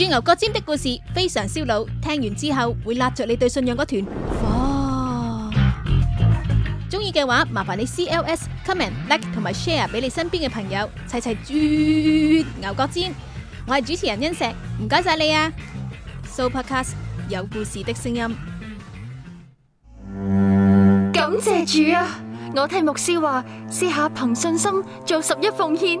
鑽牛角尖的故事非常燒腦，聽完之後會拉著你對信仰嗰團火。中意嘅話，麻煩你 CLS、comment、like 同埋 share 俾你身邊嘅朋友，齊齊鑽牛角尖。我係主持人欣石，唔該晒你啊！So podcast 有故事的聲音，感謝主啊！我聽牧師話，試下憑信心做十一奉獻。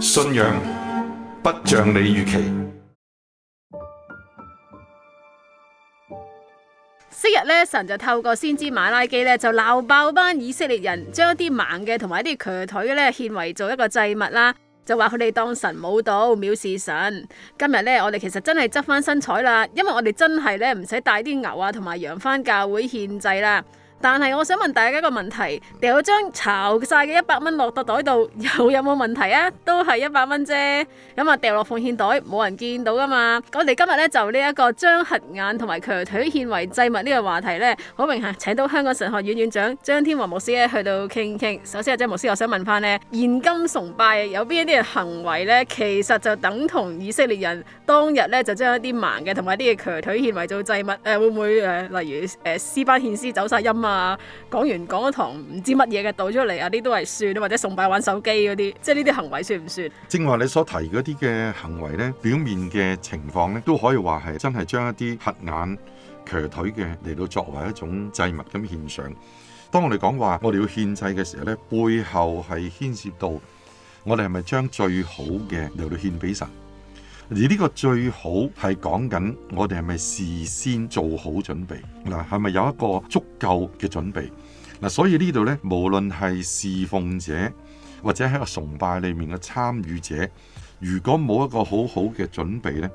信仰不像你預期。昔日咧，神就透過先知馬拉基咧，就鬧爆班以色列人，將一啲盲嘅同埋一啲瘸腿咧獻為做一個祭物啦，就話佢哋當神冇到，藐視神。今日咧，我哋其實真係執翻身彩啦，因為我哋真係咧唔使帶啲牛啊同埋羊翻教會獻祭啦。但係我想問大家一個問題：掉張巢晒嘅一百蚊落個袋度，又有有冇問題啊？都係一百蚊啫，咁啊掉落奉獻袋，冇人見到噶嘛。我哋今日咧就呢、這、一個將瞎眼同埋強腿獻為祭物呢個話題咧，好榮幸請到香港神學院院長張天華牧師咧去到傾一傾。首先啊，張牧師，我想問翻咧，現今崇拜有邊一啲嘅行為咧，其實就等同以色列人當日咧就將一啲盲嘅同埋一啲嘅強腿獻為做祭物？誒、呃，會唔會誒、呃，例如誒、呃，詩班獻詩走晒音啊？啊！講完講咗堂唔知乜嘢嘅倒出嚟，呢啲都係算，或者崇拜玩手機嗰啲，即係呢啲行為算唔算？正話你所提嗰啲嘅行為咧，表面嘅情況咧，都可以話係真係將一啲黑眼瘸腿嘅嚟到作為一種祭物咁獻上。當我哋講話我哋要獻祭嘅時候呢，背後係牽涉到我哋係咪將最好嘅嚟到獻俾神？而呢個最好係講緊我哋係咪事先做好準備嗱，係咪有一個足夠嘅準備嗱？所以呢度呢，無論係侍奉者或者喺個崇拜裡面嘅參與者，如果冇一個好好嘅準備呢，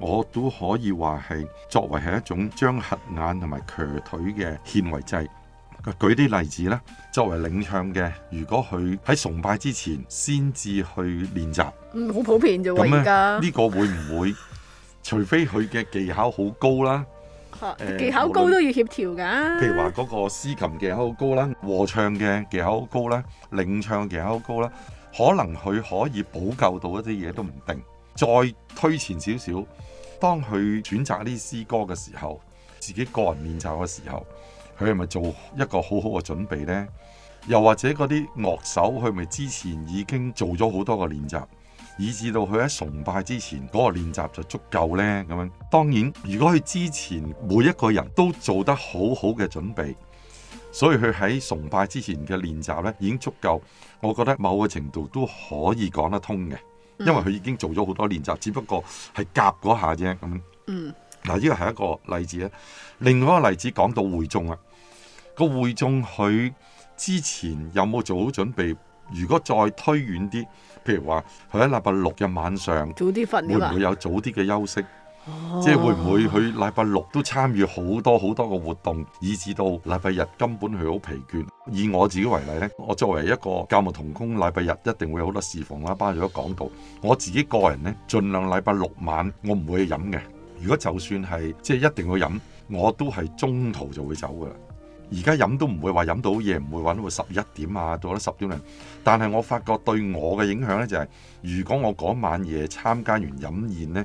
我都可以話係作為係一種將瞎眼同埋瘸腿嘅獻為祭。舉啲例子咧，作為領唱嘅，如果佢喺崇拜之前先至去練習，嗯，好普遍咋，咁咧呢在個會唔會？除非佢嘅技巧好高啦， 呃、技巧高論都要協調噶。譬如話嗰個司琴技巧好高啦，和唱嘅技巧好高啦，領唱嘅技巧好高啦，可能佢可以補救到一啲嘢都唔定。再推前少少，當佢選擇呢啲詩歌嘅時候，自己個人練習嘅時候。佢係咪做一個好好嘅準備呢？又或者嗰啲樂手佢咪之前已經做咗好多個練習，以至到佢喺崇拜之前嗰個練習就足夠呢？咁樣當然，如果佢之前每一個人都做得好好嘅準備，所以佢喺崇拜之前嘅練習呢已經足夠，我覺得某個程度都可以講得通嘅，因為佢已經做咗好多練習，只不過係夾嗰下啫咁。咁樣嗯，嗱呢個係一個例子啦。另外一個例子講到會眾啊。個會眾佢之前有冇做好準備？如果再推遠啲，譬如話佢喺禮拜六嘅晚上，早啲瞓嘅，會唔會有早啲嘅休息？即係會唔會佢禮拜六都參與好多好多個活動，以至到禮拜日根本佢好疲倦？以我自己為例呢，我作為一個教牧同工，禮拜日一定會有好多事奉啦，包括講道。我自己個人呢，儘量禮拜六晚我唔會去飲嘅。如果就算係即係一定要飲，我都係中途就會走噶啦。而家飲都唔會話飲到夜，唔會玩到十一點啊，到咗十點零。但係我發覺對我嘅影響呢，就係，就係如果我嗰晚夜參加完飲宴呢，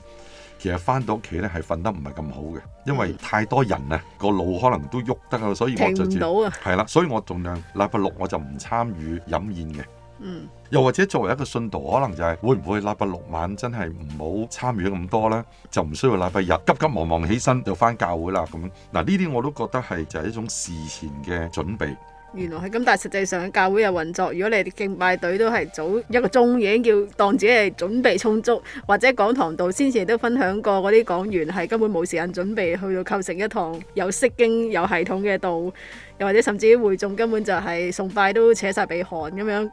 其實翻到屋企呢係瞓得唔係咁好嘅，因為太多人啊，個腦可能都喐得啊，所以我就知係啦。所以我盡量禮拜六我就唔參與飲宴嘅。嗯，又或者作為一個信徒，可能就係會唔會禮拜六晚，真係唔好參與咁多呢？就唔需要禮拜日，急急忙忙起身就返教會啦咁。嗱呢啲我都覺得係就係一種事前嘅準備。原來係咁，但係實際上教會又運作，如果你哋敬拜隊都係早一個鐘已經叫當自己係準備充足，或者講堂度先前都分享過嗰啲講員係根本冇時間準備去到構成一堂有釋經有系統嘅道，又或者甚至會眾根本就係崇拜都扯晒鼻鼾咁樣。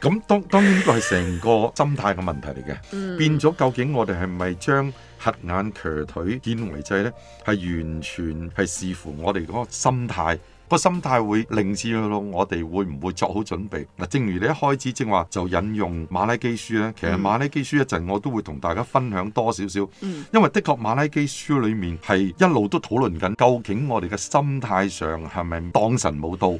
咁當當然呢個係成個心態嘅問題嚟嘅。嗯、變咗究竟我哋係咪將瞎眼瘸腿見為製呢？係完全係視乎我哋嗰、那個心態，個心態會令至到我哋會唔會作好準備？嗱，正如你一開始正話就引用馬拉基書呢，其實馬拉基書一陣我都會同大家分享多少少，因為的確馬拉基書裏面係一路都討論緊究竟我哋嘅心態上係咪當神冇道？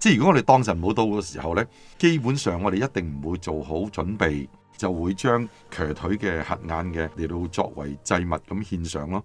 即係如果我哋當神冇到嘅時候咧，基本上我哋一定唔會做好準備，就會將瘸腿嘅瞎眼嘅嚟到作為祭物咁獻上咯。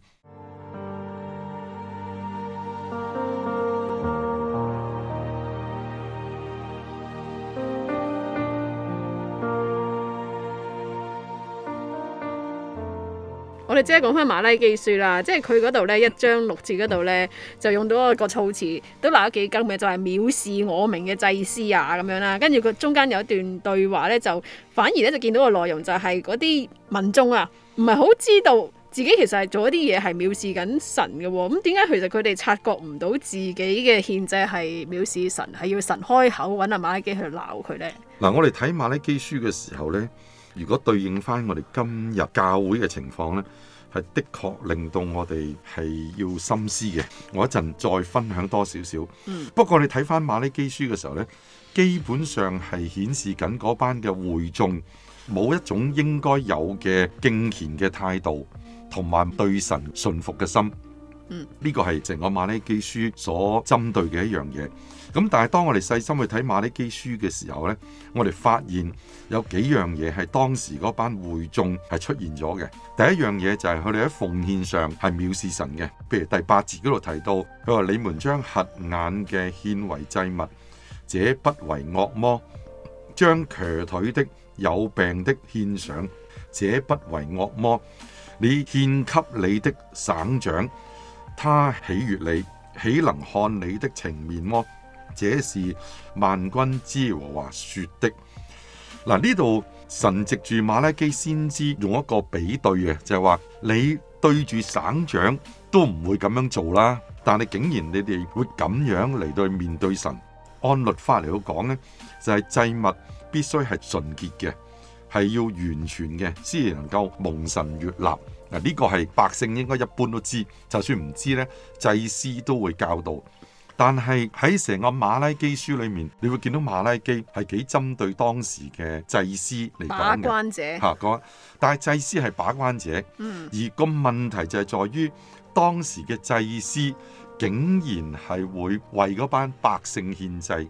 我哋即係講翻《馬拉基書》啦，即係佢嗰度咧一張六字嗰度咧，就用到一個措辭，都鬧咗幾斤嘅，就係、是、藐視我名嘅祭司啊咁樣啦。跟住佢中間有一段對話咧，就反而咧就見到一個內容就係嗰啲民眾啊，唔係好知道自己其實係做一啲嘢係藐視緊神嘅，哦。咁點解其實佢哋察覺唔到自己嘅獻祭係藐視神，係要神開口搵阿馬拉基去鬧佢咧？嗱，我哋睇《馬拉基書》嘅時候咧。如果對應翻我哋今日教會嘅情況呢，係的確令到我哋係要深思嘅。我一陣再分享多少少。不過你睇翻馬利基書嘅時候呢，基本上係顯示緊嗰班嘅會眾冇一種應該有嘅敬虔嘅態度，同埋對神順服嘅心。呢、這個係成個馬利基書所針對嘅一樣嘢。咁但係，當我哋細心去睇馬利基書嘅時候咧，我哋發現有幾樣嘢係當時嗰班會眾係出現咗嘅。第一樣嘢就係佢哋喺奉獻上係藐視神嘅，譬如第八節嗰度提到，佢話：你們將瞎眼嘅獻為祭物，這不為惡魔；將瘸腿的、有病的獻上，這不為惡魔。你獻給你的省長，他喜悦你，豈能看你的情面麼？這是萬軍之和話說的。嗱，呢度神藉住馬拉基先知用一個比對嘅，就係話你對住省長都唔會咁樣做啦，但係竟然你哋會咁樣嚟到面對神。按律法嚟去講呢，就係祭物必須係純潔嘅，係要完全嘅，先能夠蒙神悦納。嗱，呢個係百姓應該一般都知，就算唔知呢，祭司都會教導。但係喺成個馬拉基書裏面，你會見到馬拉基係幾針對當時嘅祭司嚟講嘅。把關者嚇講，但係祭司係把關者，關者，嗯，而個問題就係在於當時嘅祭司竟然係會為嗰班百姓獻祭。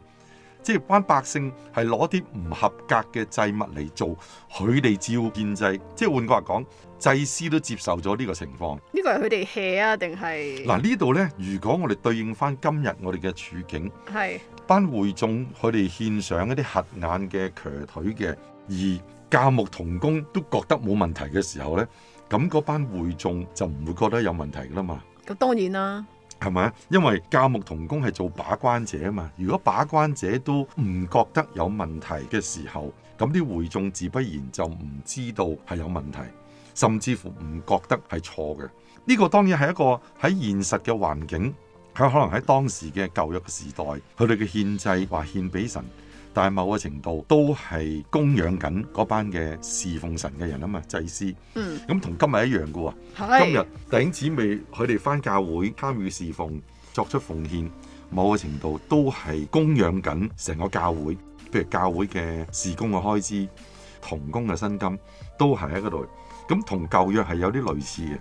即係班百姓係攞啲唔合格嘅祭物嚟做，佢哋照獻祭。即係換句話講，祭司都接受咗呢個情況。呢個係佢哋賒啊，定係？嗱、啊、呢度咧，如果我哋對應返今日我哋嘅處境，係是班會眾佢哋獻上一啲瞎眼嘅瘸腿嘅，而教牧同工都覺得冇問題嘅時候咧，咁嗰班會眾就唔會覺得有問題噶啦嘛。咁當然啦。係嘛？因為教牧同工係做把關者啊嘛。如果把關者都唔覺得有問題嘅時候，咁啲會眾自不然就唔知道係有問題，甚至乎唔覺得係錯嘅。呢、這個當然係一個喺現實嘅環境，佢可能喺當時嘅舊約嘅時代，佢哋嘅獻祭話獻俾神。但係某個程度都係供養緊嗰班嘅侍奉神嘅人啊嘛，祭司。嗯。咁同今日一樣嘅喎，是今日頂姊妹佢哋返教會參與侍奉，作出奉獻，某個程度都係供養緊成個教會，譬如教會嘅事工嘅開支、同工嘅薪金，都係喺嗰度。咁同舊約係有啲類似嘅。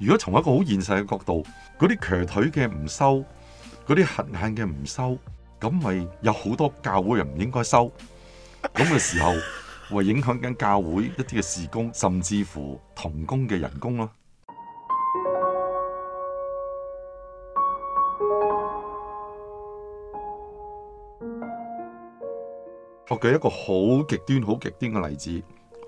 如果從一個好現實嘅角度，嗰啲瘸腿嘅唔收，嗰啲瞎眼嘅唔收。咁咪有好多教會人唔應該收，咁嘅時候會影響緊教會一啲嘅事工，甚至乎同工嘅人工咯。 我舉一個好極端、好極端嘅例子，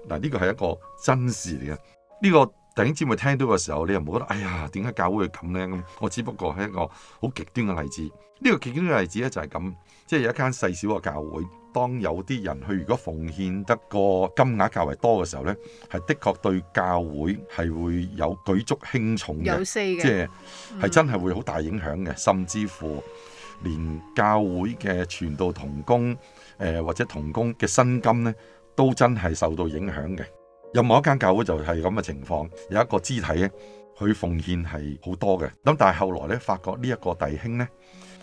嗱、這、呢個係一個真事嚟嘅，呢、這個。頂姊妹聽到嘅時候，你又冇覺得？哎呀，點解教會會咁呢？我只不過係一個好極端嘅例子。呢、這個極端嘅例子咧就係咁，即、就、係、是、有一間細小嘅教會。當有啲人佢如果奉獻得個金額較為多嘅時候呢，係的確對教會係會有舉足輕重嘅，即係係真係會好大影響嘅，甚至乎連教會嘅傳道同工誒、呃、或者同工嘅薪金呢，都真係受到影響嘅。任何一間教會就係咁嘅情況，有一個肢體佢奉獻係好多嘅，咁但係後來咧發覺呢一個弟兄咧，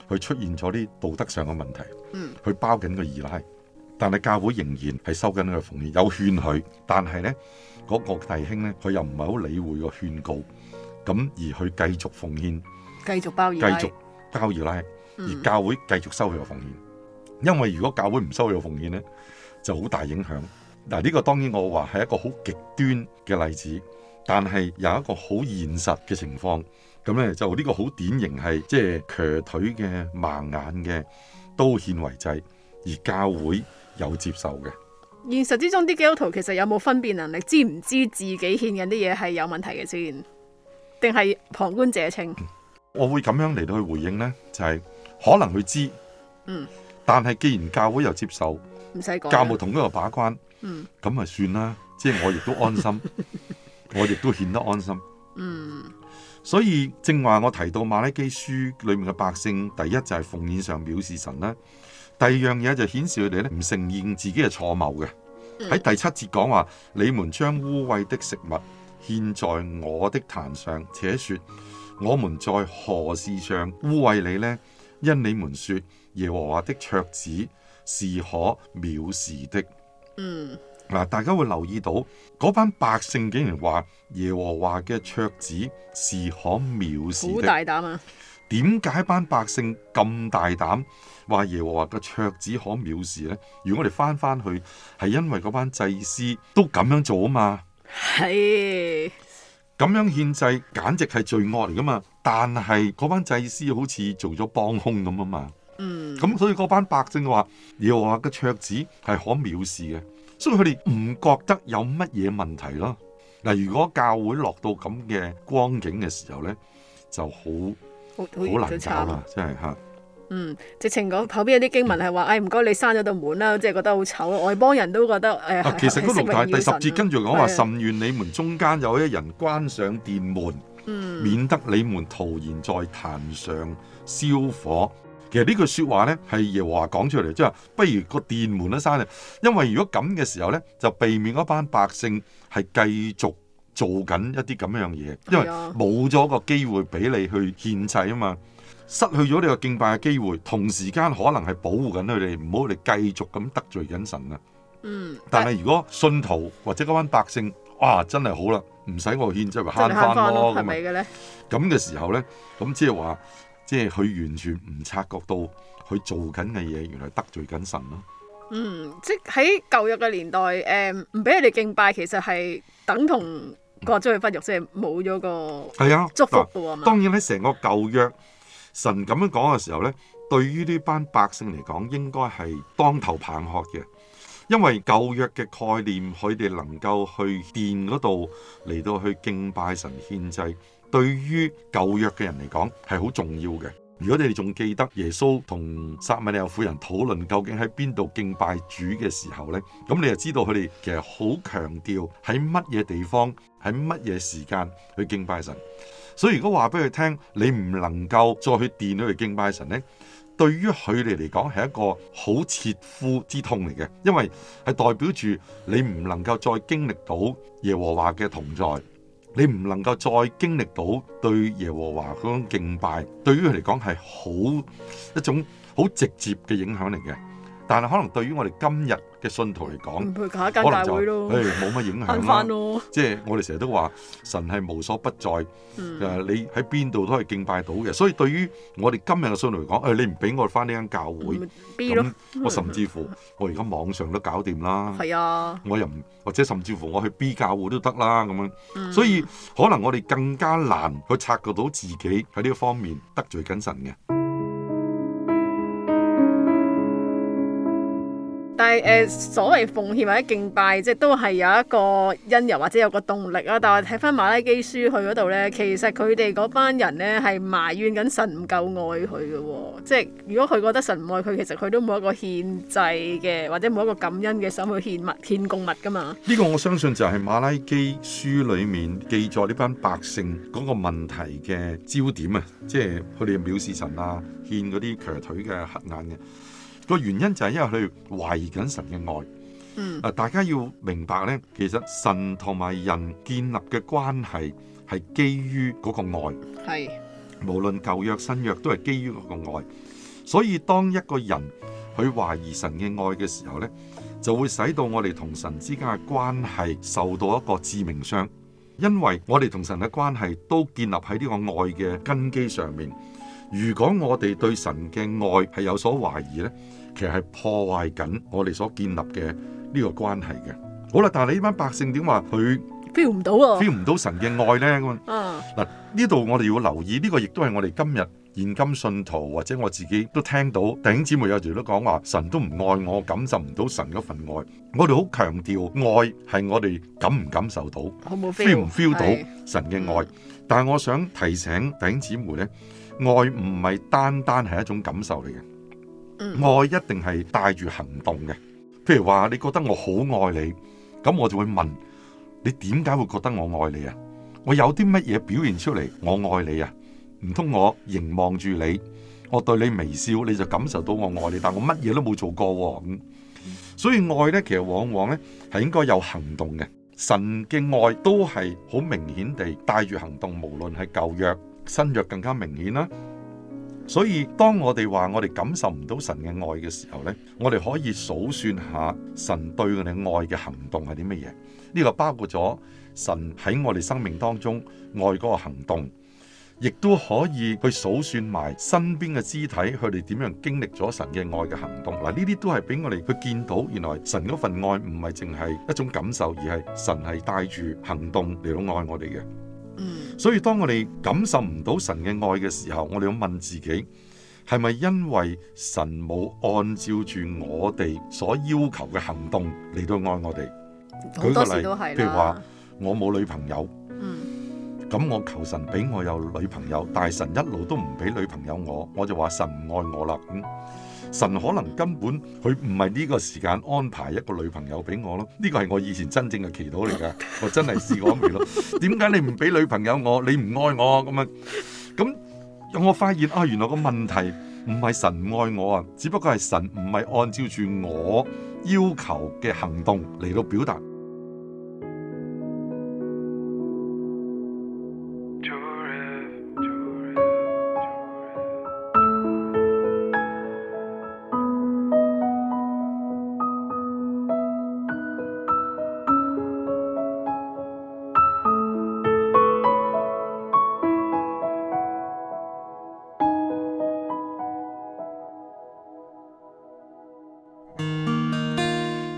佢出現咗啲道德上嘅問題，嗯，佢包緊個二奶，但係教會仍然係收緊佢嘅奉獻，有勸佢，但係咧嗰個弟兄咧佢又唔係好理會個勸告，咁而去繼續奉獻，繼續包二，繼續包二奶，嗯、而教會繼續收佢嘅奉獻，因為如果教會唔收佢嘅奉獻咧，就好大影響。嗱，呢個當然我話係一個好極端嘅例子，但係有一個好現實嘅情況，咁咧就呢個好典型係即係瘸腿嘅盲眼嘅都獻為祭，而教會有接受嘅。現實之中啲基督徒其實有冇分辨能力，知唔知自己獻緊啲嘢係有問題嘅先，定係旁觀者清？我會咁樣嚟到去回應咧，就係、是、可能佢知，嗯，但係既然教會又接受。教務同一個把關，咁咪、嗯、算啦，即係我亦都安心， 我亦都顯得安心。嗯，所以正話我提到馬拉基書裏面嘅百姓，第一就係奉獻上藐視神啦，第二樣嘢就顯示佢哋咧唔承認自己嘅錯謬嘅。喺、嗯、第七節講話，你們將污穢的食物獻在我的壇上，且說我們在何事上污穢你呢？因你們說耶和華的桌子。是可藐視的。嗯，嗱，大家會留意到嗰班百姓竟然話耶和華嘅桌子是可藐視的。好大膽啊！點解班百姓咁大膽話耶和華嘅桌子可藐視呢？如果我哋翻翻去，係因為嗰班祭司都咁樣做啊嘛。係咁是樣獻祭，簡直係罪惡嚟噶嘛。但係嗰班祭司好似做咗幫凶咁啊嘛。咁所以嗰班百姓話，又話個桌子係可藐視嘅，所以佢哋唔覺得有乜嘢問題咯。嗱，如果教會落到咁嘅光景嘅時候咧，就好好難搞啦，真係吓。嗯，直情講後邊有啲經文係話，唉，唔該你閂咗道門啦，即係覺得好醜，外邦人都覺得唉。啊，其實嗰六大第十節跟住講話，甚願你們中間有一人關上殿門，免得你們徒然在壇上燒火。其實呢句說話咧係耶和華講出嚟，即係話，不如個殿門都閂啊！因為如果咁嘅時候咧，就避免嗰班百姓係繼續做緊一啲咁樣嘢，因為冇咗個機會俾你去獻祭啊嘛，失去咗你個敬拜嘅機會，同時間可能係保護緊佢哋，唔好你繼續咁得罪緊神啊。嗯。但係如果信徒或者嗰班百姓，哇、啊，真係好啦，唔使我獻祭，咪慳翻，咯咁啊。咁嘅時候咧，咁即係話。即係佢完全唔察覺到佢做緊嘅嘢，原來在得罪緊神咯、啊。嗯，即係喺舊約嘅年代，誒、呃，唔俾人哋敬拜，其實係等同割咗佢塊肉，即係冇咗個係啊祝福嘅、啊、當然喺成、嗯、個舊約，神咁樣講嘅時候咧，對於呢班百姓嚟講，應該係當頭棒喝嘅。因為舊約嘅概念，佢哋能夠去殿嗰度嚟到去敬拜神獻祭，對於舊約嘅人嚟講係好重要嘅。如果你哋仲記得耶穌同撒瑪利亞婦人討論究竟喺邊度敬拜主嘅時候呢，咁你就知道佢哋其實好強調喺乜嘢地方、喺乜嘢時間去敬拜神。所以如果話俾佢聽，你唔能夠再去殿嗰度敬拜神呢。對於佢哋嚟講係一個好切膚之痛嚟嘅，因為係代表住你唔能夠再經歷到耶和華嘅同在，你唔能夠再經歷到對耶和華嗰種敬拜，對於佢嚟講係好一種好直接嘅影響嚟嘅。但係可能對於我哋今日嘅信徒嚟講，可能就冇乜、哎、影響啦。即係 了我哋成日都話神係無所不在，誒、嗯、你喺邊度都係敬拜到嘅。所以對於我哋今日嘅信徒嚟講，誒、哎、你唔俾我翻呢間教會咁，嗯、我甚至乎我而家網上都搞掂啦。係啊，我又唔，或者甚至乎我去 B 教會都得啦咁樣。嗯、所以可能我哋更加難去察覺到自己喺呢個方面得罪緊神嘅。但係誒、呃，所謂奉獻或者敬拜，即係都係有一個因由或者有個動力啦。但係睇翻馬拉基書，去嗰度咧，其實佢哋嗰班人咧係埋怨緊神唔夠愛佢嘅喎。即係如果佢覺得神唔愛佢，其實佢都冇一個獻祭嘅，或者冇一個感恩嘅心去獻物獻供物噶嘛。呢個我相信就係馬拉基書裡面記載呢班百姓嗰個問題嘅焦點啊！即係佢哋藐視神啊，獻嗰啲瘸腿嘅黑眼嘅。個原因就係因為佢懷疑緊神嘅愛。啊，大家要明白呢，其實神同埋人建立嘅關係係基於嗰個愛。係。無論舊約新約都係基於嗰個愛。所以當一個人去懷疑神嘅愛嘅時候呢，就會使到我哋同神之間嘅關係受到一個致命傷，因為我哋同神嘅關係都建立喺呢個愛嘅根基上面。如果我哋對神嘅愛係有所懷疑呢。其實係破壞緊我哋所建立嘅呢個關係嘅。好啦，但係你呢班百姓點話佢 feel 唔到啊？feel 唔到神嘅愛咧，咁。嗯。嗱，呢度我哋要留意，呢個亦都係我哋今日現今信徒，或者我自己都聽到弟兄姊妹有時都講話，神都唔愛我，感受唔到神嗰份愛。我哋好強調，愛係我哋感唔感受到，feel 唔 feel 到神嘅愛。但係我想提醒弟兄姊妹咧，愛唔係單單係一種感受嚟嘅。愛一定係帶住行動嘅，譬如話你覺得我好愛你，咁我就會問你點解會覺得我愛你啊？我有啲乜嘢表現出嚟我愛你啊？唔通我凝望住你，我對你微笑，你就感受到我愛你，但我乜嘢都冇做過咁。所以愛呢，其實往往呢係應該有行動嘅。神嘅愛都係好明顯地帶住行動，無論係舊約、新約更加明顯啦。所以，當我哋話我哋感受唔到神嘅愛嘅時候呢，我哋可以數算下神對我哋愛嘅行動係啲乜嘢？呢個包括咗神喺我哋生命當中愛嗰個行動，亦都可以去數算埋身邊嘅肢體，佢哋點樣經歷咗神嘅愛嘅行動。嗱，呢啲都係俾我哋去見到，原來神嗰份愛唔係淨係一種感受，而係神係帶住行動嚟到愛我哋嘅。嗯、所以當我哋感受唔到神嘅愛嘅時候，我哋要問自己，係咪因為神冇按照住我哋所要求嘅行動嚟到愛我哋？好多時都係啦，舉例，譬如話我冇女朋友，咁、嗯、我求神俾我有女朋友，但係神一路都唔俾女朋友我，我就話神唔愛我啦。嗯神可能根本佢唔係呢個時間安排一個女朋友俾我咯，呢個係我以前真正嘅祈禱嚟噶，我真係試過未咯？點解你唔俾女朋友我？你唔愛我咁啊？咁我發現啊，原來個問題唔係神唔愛我啊，只不過係神唔係按照住我要求嘅行動嚟到表達。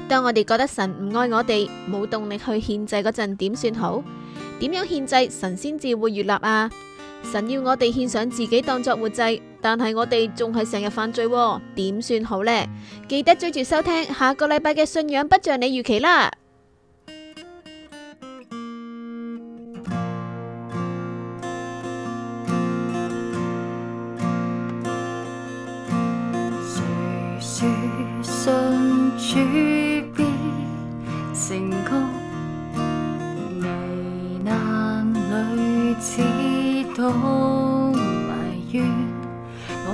當我哋覺得神唔愛我哋，冇動力去獻祭嗰陣，點算好？點樣獻祭神先至會悅納啊？神要我哋獻上自己當作活祭，但係我哋仲係成日犯罪，點算好呢？記得追住收聽下個禮拜嘅信仰不像你預期啦。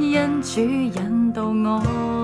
因主引導我。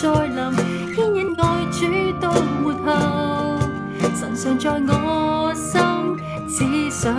再臨，牽引愛主到末後，神常在我心，只想